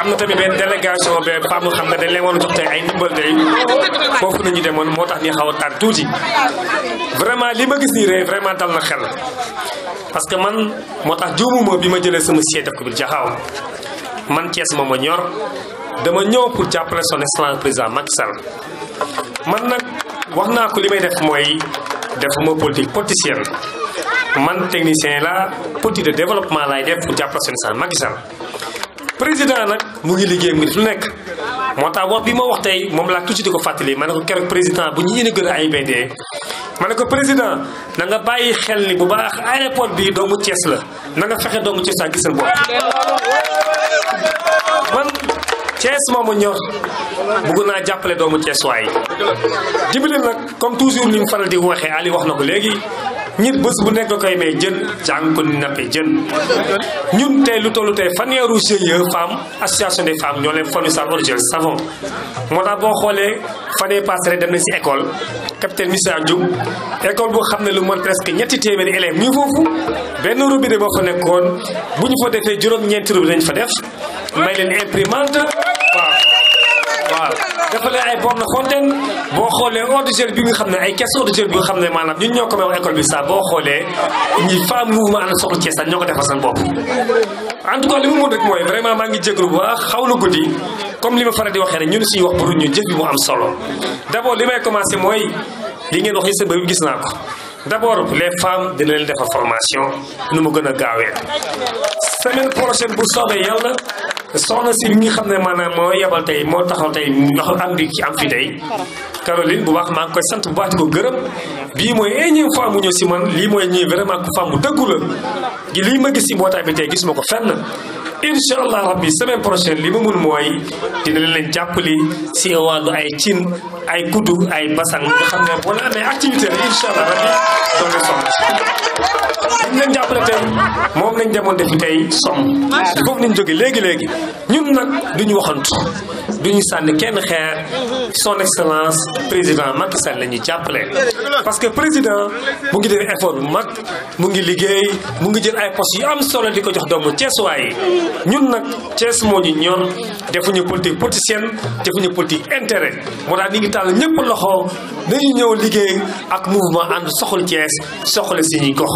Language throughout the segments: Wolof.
am na tamit benn délégation be PAM xam nga dañ leen waroon jox ay ndimbal day foofu nañu demoon moo tax ñu tar tuuti vraiment li ma gis nii rek vraiment dal na xel parce que man moo tax juumuma bi sama siège ko bi man Thiès moom ñor dama ñëw pour jàppale son président Macky Sall man ko def defuma politique man technicien la politique de développement def pour son Macky Sall président nak mu ngi liggéey mu ngi nek nekk moo wax bi mo wax tay mom la tout ci diko fatali ma ne ko keroog président bu ñu inauguré AIBD ma ne ko président na nga bayyi xel ni bu baax aéroport bi doomu ties la na nga fexe doomu ci sa gisal bopp man mo moomu ñor bëgg naa jàppale doomu ties way jibril nak comme toujours li mu faral di waxé Ali wax nako légui nit bés bu nekk koy may jën jàng ko ni nappe jën ñun tey lu tollu tey fanweeru GIE femmes association de femmes ñoo leen forni sal origel savon moo tax boo xoolee fanee passé dem na si école capitaine Moussa Diouf école boo xam ne lu mën presque ñetti téeméeri élèves ñu foofu benn robinet boo fa nekkoon bu ñu fa defee juróom-ñeenti robinet dañ fa def may leen imprimante dafa lay ay borne fontaine boo xoolee hors de jeu bi nga xam ne ay caisse hors de jeu bi nga xam ne maanaam ñun ñoo ko may wax école bi sax boo xoolee ñi femme mouvement ànd soxla Thiès sax ñoo ko defal seen bopp en tout cas li mu mën rek mooy vraiment maa ngi jégalu bu baax xaw na guddi comme li ma faral di waxee rek ñun suñu wax pour ñu jëf bi mu am solo d' abord li may commencé mooy li ngeen wax yi seen bëri gis naa ko d' abord les femmes dina leen defal formation nu mu gën a gaawee semaine prochaine bu soobee yàlla soxna si bi nga xam ne maanaam moo yebal tey moo taxaw tey ndox am bi ci am fi tey Caroline bu baax maa ngi koy sant bu baax di ko gërëm bii mooy énième eh fois mu ñëw si man lii mooy ñii vraiment ku femme bu dëggu la gi lii ma gis si mbootaay bi tey gis ma ko fenn incha allah rabbi semaine prochaine li mu mun mooy dina leen jàppale si wàllu ay cin ay kuddu ay basan nga xam ne wala amee activité la allah rabbi doon leen somm dañ leen jàppale tey moom lañ demoon defi tey somm foofu nañ jóge léegi-léegi ñun nag duñu waxantu du ñu sànni kenn xeer son excellence président Macky Sall la ñuy jàppale. parce que président mu ngi def effort bu mag mu ngi liggéey mu ngi jël ay poste yu am solo di ko jox doomu Thiès waaye ñun nag Thiès moo ñu ñor defuñu politique politicienne defuñu politique intérêt moo tax ñu ngi tàll ñëpp loxo dañuy ñëw liggéey ak mouvement ànd soxal Thiès soxla suñuy gox.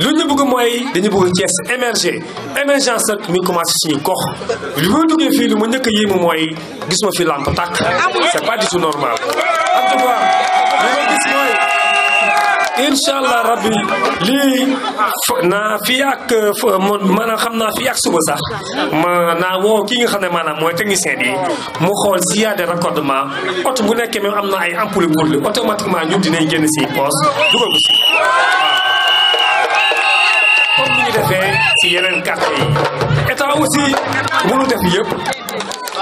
lu ñu bëgg mooy dañu bëgg Thiès émerger émergence ak mi commencé suñu gox li ma duggee fii lu ma njëkk a yéemu mooy. fii gis ma fi làmp tàkk c'est pas du tout normal en tout cas li ma gis mooy incha allah rabbi lii naa fii ak maanaam xam naa fii ak suba sax ma naa woo ki nga xam ne maanaam mooy technicien bi mu xool s'il y a des raccordements oto bu nekkee même am na ay ampoule burli automatiquement ñun dinañ génn si poos dugal ko si comme ni ñu defee si yeneen quartier yi état aussi mënu def yëpp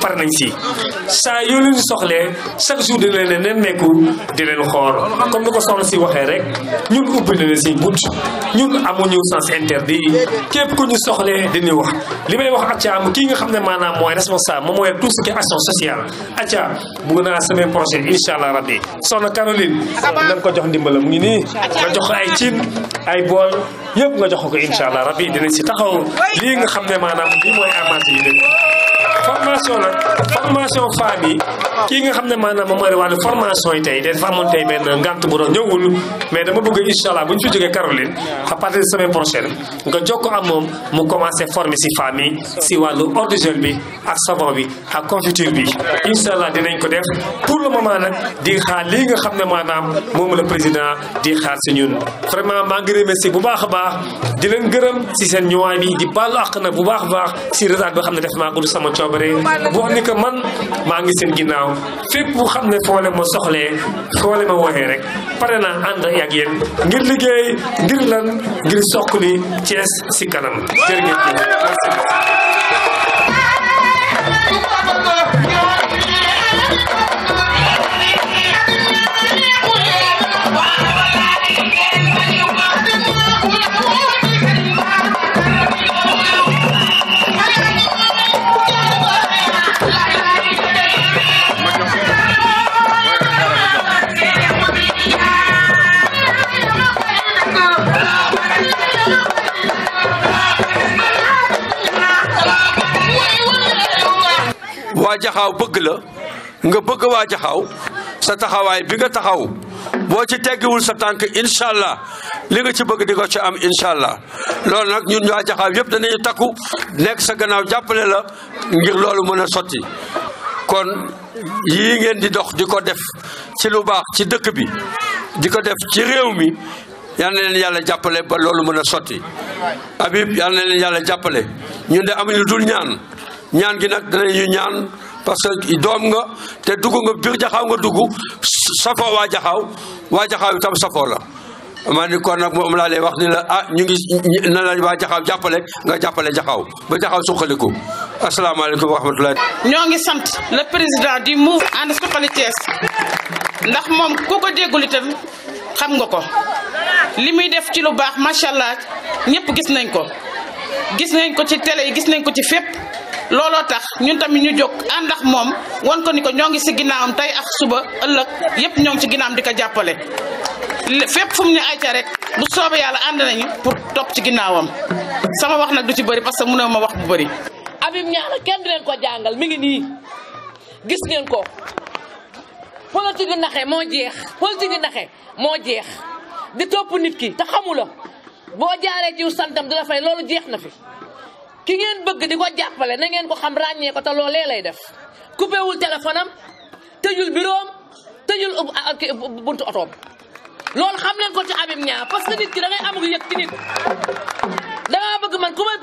par nañ si saa yoo leen soxlee chaque jour di leen ne nekku di leen xool comme ni ko soxla si waxee rek ñun ubbi na si bunt ñun amuñu sens interdit képp ku ñu soxlee dañuy wax li may wax acca kii nga xam ne maanaam mooy responsable moom mooy tout ce qui est action sociale acca bëgg naa semaine prochaine incha allah rabbi soxna Caroline nan ko jox ndimbalam mu ngi nii nga jox ay cin ay bool yëpp nga jox ko incha allah rabbi dinañ si taxaw lii nga xam ne maanaam formation nag formation femmes yi kii nga xam ne maanaam moom mooy wàllu yi tey dafa amoon tey benn dama bëgg incha allah bu ñu fi jógee Caroline à partir de nga jokkoo ak moom mu commencé si femmes si wàllu eau de gel bi bi ak confiture bi incha allah dinañ ko def pour le moment nag di xaar lii nga xam ne maanaam moom la président di xaar si ñun vraiment maa ngi remercier bu baax a baax di leen gërëm si seen ñëwaay bi di baalu àq nag bu baax a baax si retard boo xam ne def maa gudd sama coob coobare wax ni que man maa ngi seen ginnaaw fépp bu xam ne foole moo soxlee foole ma woowee rek pare naa ànd ak yéen ngir liggéey ngir lan ngir soqali Thiès si kanam jërë ngeen jëf merci jaxaaw bëgg la nga bëgg waa jaxaaw sa taxawaay bi nga taxaw boo ci teggiwul sa tànk incha allah li nga ci bëgg di nga ci am incha allah loolu nag ñun waa jaxaaw yëpp danañu takku nekk sa gannaaw jàppale la ngir loolu mën a sotti kon yii ngeen di dox di ko def ci lu baax ci dëkk bi di ko def ci réew mi yal na leen yàlla jàppale ba loolu mën a sotti Habib yal jàppale ñun de amuñu dul ñaan ñaan gi nag danañu ñaan parce que doom nga te duggu nga bir jaxaw nga duggu safo wa jaxaw wa jaxaw tam safo la ma ni kon nag moom la lay wax ni la ah ñu ngi na la wa jaxaw jàppale nga jàppale jaxaw ba jaxaaw assalamu alaykum wa rahmatulah. ñoo ngi sant le président du move ànd suqali Thiès ndax mom ku ko déggul itam xam nga ko li def ci lu baax machallah ñepp gis nañ ko gis nañ ko ci télé gis nañ ko ci fépp lolo tax ñun tammi ñu jóg andax mom won ko ni ko ñoo ngi si ak suba ëlëk yépp ñong ci ginaam dika di ko jàppale fépp fu mu ñu ayca rek bu soobee yalla and nañu pour top ci ginaawam sama wax nak du ci bari parce que mënoo ma wax bu bari abim Niang kenn du ko jangal mi ngi ni gis ngeen ko politique naxé mo jeex politique naxé mo jeex di top nit ki te xamula bo jaaré ci santam dula fay lolu jeex na fi ki ngeen bëgg di ko jàppale na ngeen ko xam ràññee ko te loolee lay def wul téléphone am tëjul biroom tëjul buntu otoom loolu xam nañ ko ci abim Niang parce que nit ki da ngay amug yëg ci nit da ngaa bëgg man ku may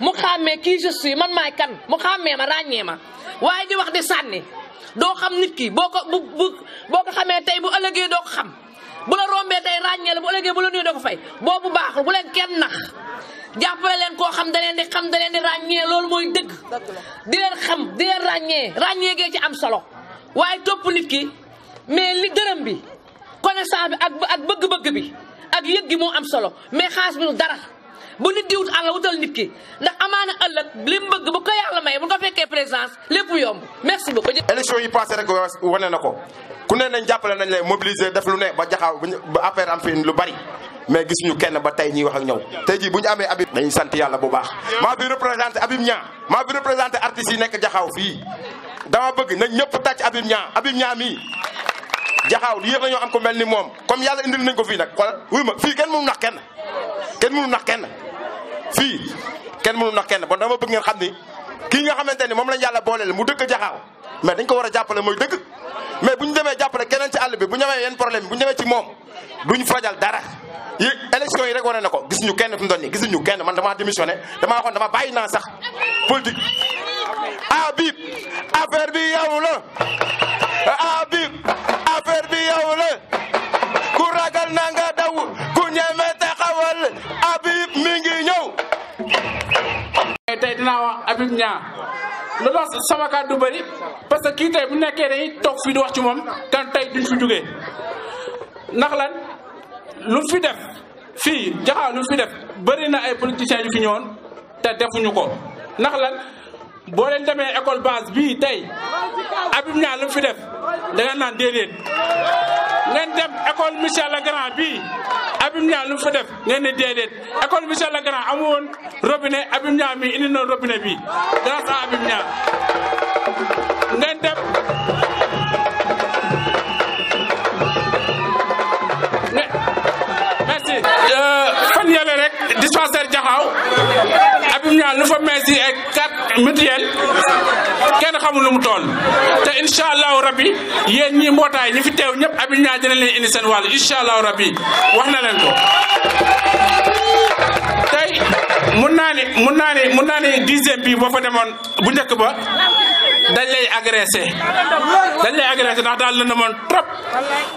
mu xàmmee kii je suis man maay kan mu xàmmee ma ràññee ma waaye di wax di sànni doo xam nit ki boo ko bu bu boo ko xamee tey bu ëllëgee doo ko xam bu la rombee tey ràññee la bu ëllëgee bu la nuyoo doo ko fay boobu baaxul bu leen kenn nax jàppale leen koo xam da leen di xam da leen di ràññee loolu mooy dëgg di leen xam di leen ràññee ràññee gee ci am solo waaye topp nit ki mais li dërëm bi connaissance bi ak ak bëgg-bëgg bi ak yëg gi moo am solo mais xaas bi du dara bu nit di wut wutal nit ki ndax amaana ëllëg li mu bëgg bu ko yàlla may bu ko fekkee présence lépp yomb merci beaucoup. élection yi passé rek wane na ko ku ne nañ jàppale nañ lay mobiliser def lu ne ba jaxaaw ba affaire am fi lu bari. mais ñu kenn ba tey ñuy wax ak ñow tey jii bu ñu amee Habib dañuy sant yàlla bu baax maa fi représenté Habib Niang maa fi représenté artistes yi nekk jaxaw fii dama bëgg nañ ñëpp tàcc Habib Niang Habib Niang mii jaxaaw li yëpp am ko mel ni moom comme yàlla indil nañ ko fii nag xoolal wuy ma fii kenn mënu nax kenn kenn mu nax kenn fii kenn mënu nax kenn bon dama bëgg ngeen xam ni kii nga xamante ni moom lañ yàlla booleel mu dëkk jaxaaw mais dañ ko war a jàppale mooy dëkk mais bu ñu demee jàppale keneen ci àll bi bu ñu amee yenn problème bu ñu demee ci moom duñ fajal dara yi élection yi rek wane nako gis ñu kenn fu mu doon nii gis ñu kenn man dama démissioné dama xon dama bàyyi naa sax politique. Habib affaire bi yow la Habib affaire bi yow la ku ragal na nga daw ku ñeme taxawal Habib mi ngi ñëw. tay dina wax Habib ñaa lu la sama ka du bari parce que ki tay bu nekké dañuy tok fi di wax ci mom kan tay duñ fi jugee ndax lan. lu fi def fii jaxaa lu fi def bëri na ay politiciens yu fi ñëwoon te defuñu ko ndax lan boo leen demee école base bii tey Habib Niang lu fi def da nga naan déedéet ngeen dem école Michel Legrand bii Habib Niang lu fi def ngeen ne déedéet école Michel Legrand amu woon robinet Habib Niang mi indi na robinet bi grâce à ngeen dem dispensaire Jaxaaw Habib Niang nu fa meesi ak carte mutuelle kenn xamul lu mu toll te incha allahu rabi yéen ñi mbootaay ñi fi teew ñëpp Habib Niang dina leen indi seen wàll incha allahu rabi wax na leen ko tey mun naa ni mun naa mun naa ni dixième bi boo fa demoon bu njëkk ba dañ lay agressé dañ lay agressé ndax daal la na moon trop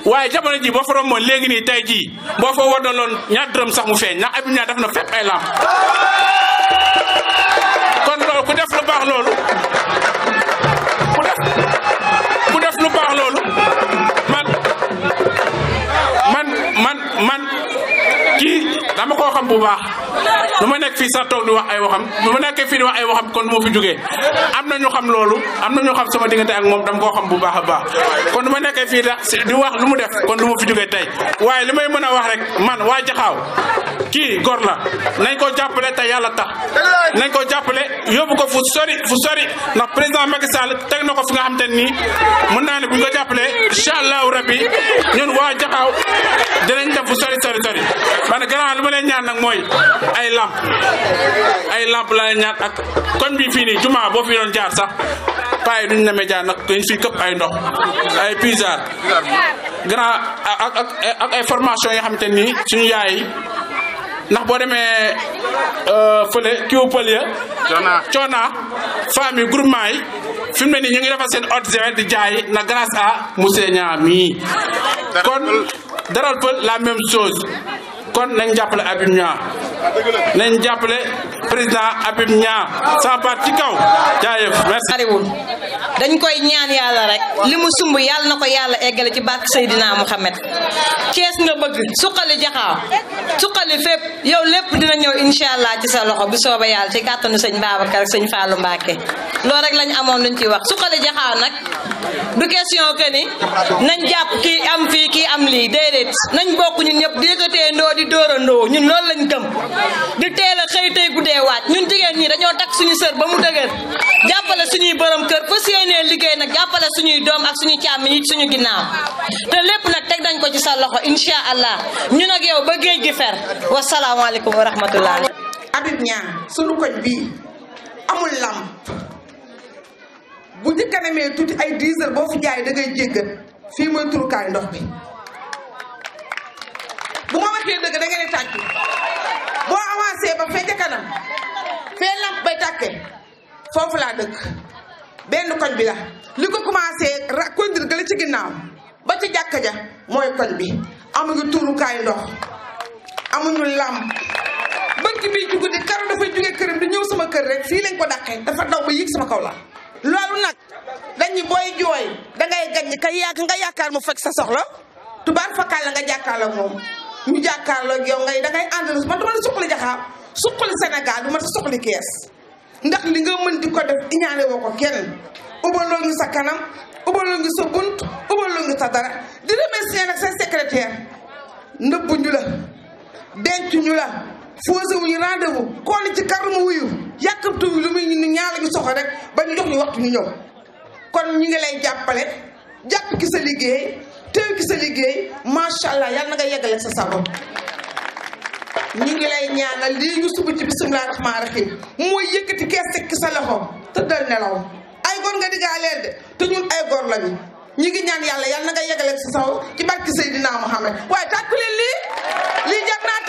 waaye jamono ji boo fa romboon léegi nii tey jii boo fa wadaloon ñaar dërëm sax mu feeñ ndax Habib Niang def na fépp ay lamb kon loolu ku def lu baax loolu ku def ku def lu baax loolu man man man kii dama koo xam bu baax lu ma nekk fii sax toog di wax ay waxam lu ma nekkee fii di wax ay waxam kon moo fi jógee am na ñu xam loolu am na ñu xam sama diggante ak moom dama koo xam bu baax a baax kon lu ma nekkee fii di wax lu mu def kon lu ma fi jógee tey waaye li may mën a wax rek man waa Jaxaaw kii góor la nañ ko jàppale te yàlla tax nañ ko jàppale yóbbu ko fu sori fu sori ndax président Macky teg na ko fi nga xam te nii mën naa ne bu ñu ko jàppalee incha allahu rabbi ñun waa Jaxaaw dinañ lay ñaan nag mooy ay lamp ay lamp lay ñaan ak koñ bi fii nii juma boo fi doon jaar sax paa yi duñ namee jaar nag dañ fiy këpp ay ndox ay puisard grand ak ak ak ay formation yoo xamante nii suñu yaay yi ndax boo demee euh, fële kiwu pël ya coona femme yi groupement yi fi mu ne nii ñu ngi defal seen ordre di jaay na grâce à monsieur Niang mii kon daral pël la même chose kon nañ jàppale Habib Niang nañ jàppale président Habib Niang sa baat ci kaw jaayëf dañ koy ñaan yàlla rek li mu sumb yàlla na ko yàlla eggale ci barke Seydina Mouhamed kees nga bëgg suqali jaxaaw suqali fépp yow lépp dina ñëw incha allah ci sa loxo bu sooba yàlla ci kàttanu sëñ Babacar ak sëñ Fallou Mbacke loolu rek lañ amoon luñ ciy wax suqali jaxaaw nag du question que ni nañ jàpp kii am fii kii am lii déedéet nañ bokk ñun ñëpp dóorandoo di dóorandoo ñun loolu lañu gëm di teel a xëy tey guddee waaj ñun jigéen ñi dañoo takk suñu sër ba mu dëgër jàppale suñuy borom kër fa séenee liggéey na jàppale suñuy doom ak suñu càmm yi suñu ginnaaw te lépp nag teg dañ ko ci sa loxo incha allah ñu ak yow ba géej gi fer wasalaamaaleykum wa rahmatullah Habib Niang suñu koñ bii amul lamp bu ñu kanamee tuuti ay 10 heures boo fi jaay da ngay jéggat fii mooy turukaayu ndox bi bu ma waxee dëgg da ngeen di tàcc boo avancé ba fee ca kanam fee lamp bay tàkkee foofu laa dëkk benn koñ bi la li ko commencé ra kondir gële ci ginnaaw ba ci jàkka ja mooy koñ bi amuñu tuurukaayu ndox amuñu làmp bëgg bii ci guddi karo dafay jóge këram di ñëw sama kër rek fii lañ ko dàqee dafa daw ba yéeg sama kaw la loolu nag dañu booy jooy dangay gañ ka yaak nga yaakaar mu fekk sa soxla tubaar fakkaal la nga jàkkaarloo moom ñu jàkkaarloo yow ngay dangay àndal man dama la suqali jaxaar suqali Sénégal du ma suqali kees ndax li nga mën di ko def iñaane woo ko kenn ubaloo ngi sa kanam ubaloo ngi sa bunt ubaloo ngi sa dara di remercier nag say secrétaire nëbbu ñu la denc ñu la faussé wuñu rendez-vous kooli ci kar mu wuyu yàkkamtu lu muy ñu ñaar ñu soxla rek ba ñu jox ñu waxtu ñu ñëw kon ñu ngi lay jàppale jàpp ki sa liggéey tënk sa liggéey macha allah yal na nga yeggale sa sago ñu ngi lay ñaanal lii ñu suba ci bisimilah rahmaani rahim mooy yëkkati kees teg sa loxo tëddal nelaw ay góor nga digaaleel de te ñun ay góor lañu ñu ngi ñaan yàlla yal na nga yeggale sa sago ci barki Seydina Muhammad waaye tàkku leen lii lii jar naa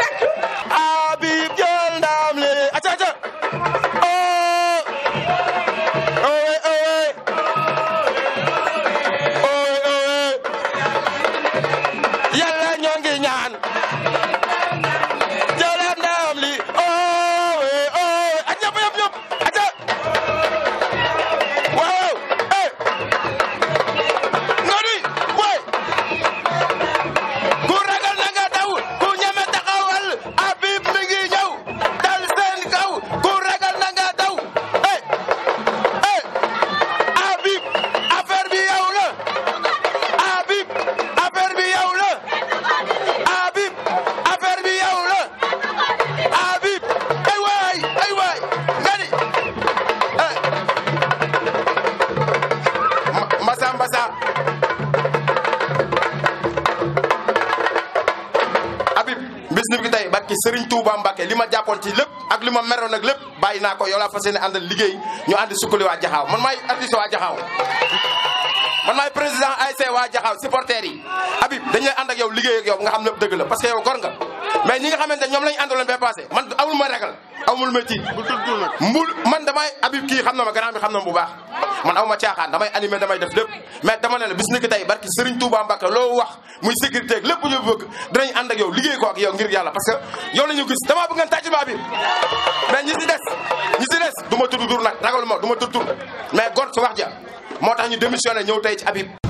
Serigne Touba Mbacke li ma jàppoon lépp ak li ma lépp bàyyi naa ko yow laa fas yéene liggéey ñu àndi sukkali waa Jaxaaw man maay artiste waa Jaxaaw man maay président ASC waa Jaxaaw supporters yi Habib dañuy ànd ak yow liggéey ak yow nga xam lépp dëgg la parce que yow gor nga mais ñi nga xamante ñoom lañu àndaloon ba man amul ma ragal amul ma tiit mbul man damay Habib kii xam na ma grand bi xam na ma bu baax man aw ma caaxaan damay animé damay def lépp mais dama ne la bis ni ki tey barki Serigne Touba Mbacke loo wax muy sécurité ak lépp ñu bëgg dinañ ànd ak yow liggéey ko ak yow ngir yàlla parce que yow la ñu gis damaa bëgg ngeen tàcc bi mais ñi si des ñi si des du ma nag ragal ma du ma mais gor su wax ja moo tax ñu démissionné ñëw tey ci Habib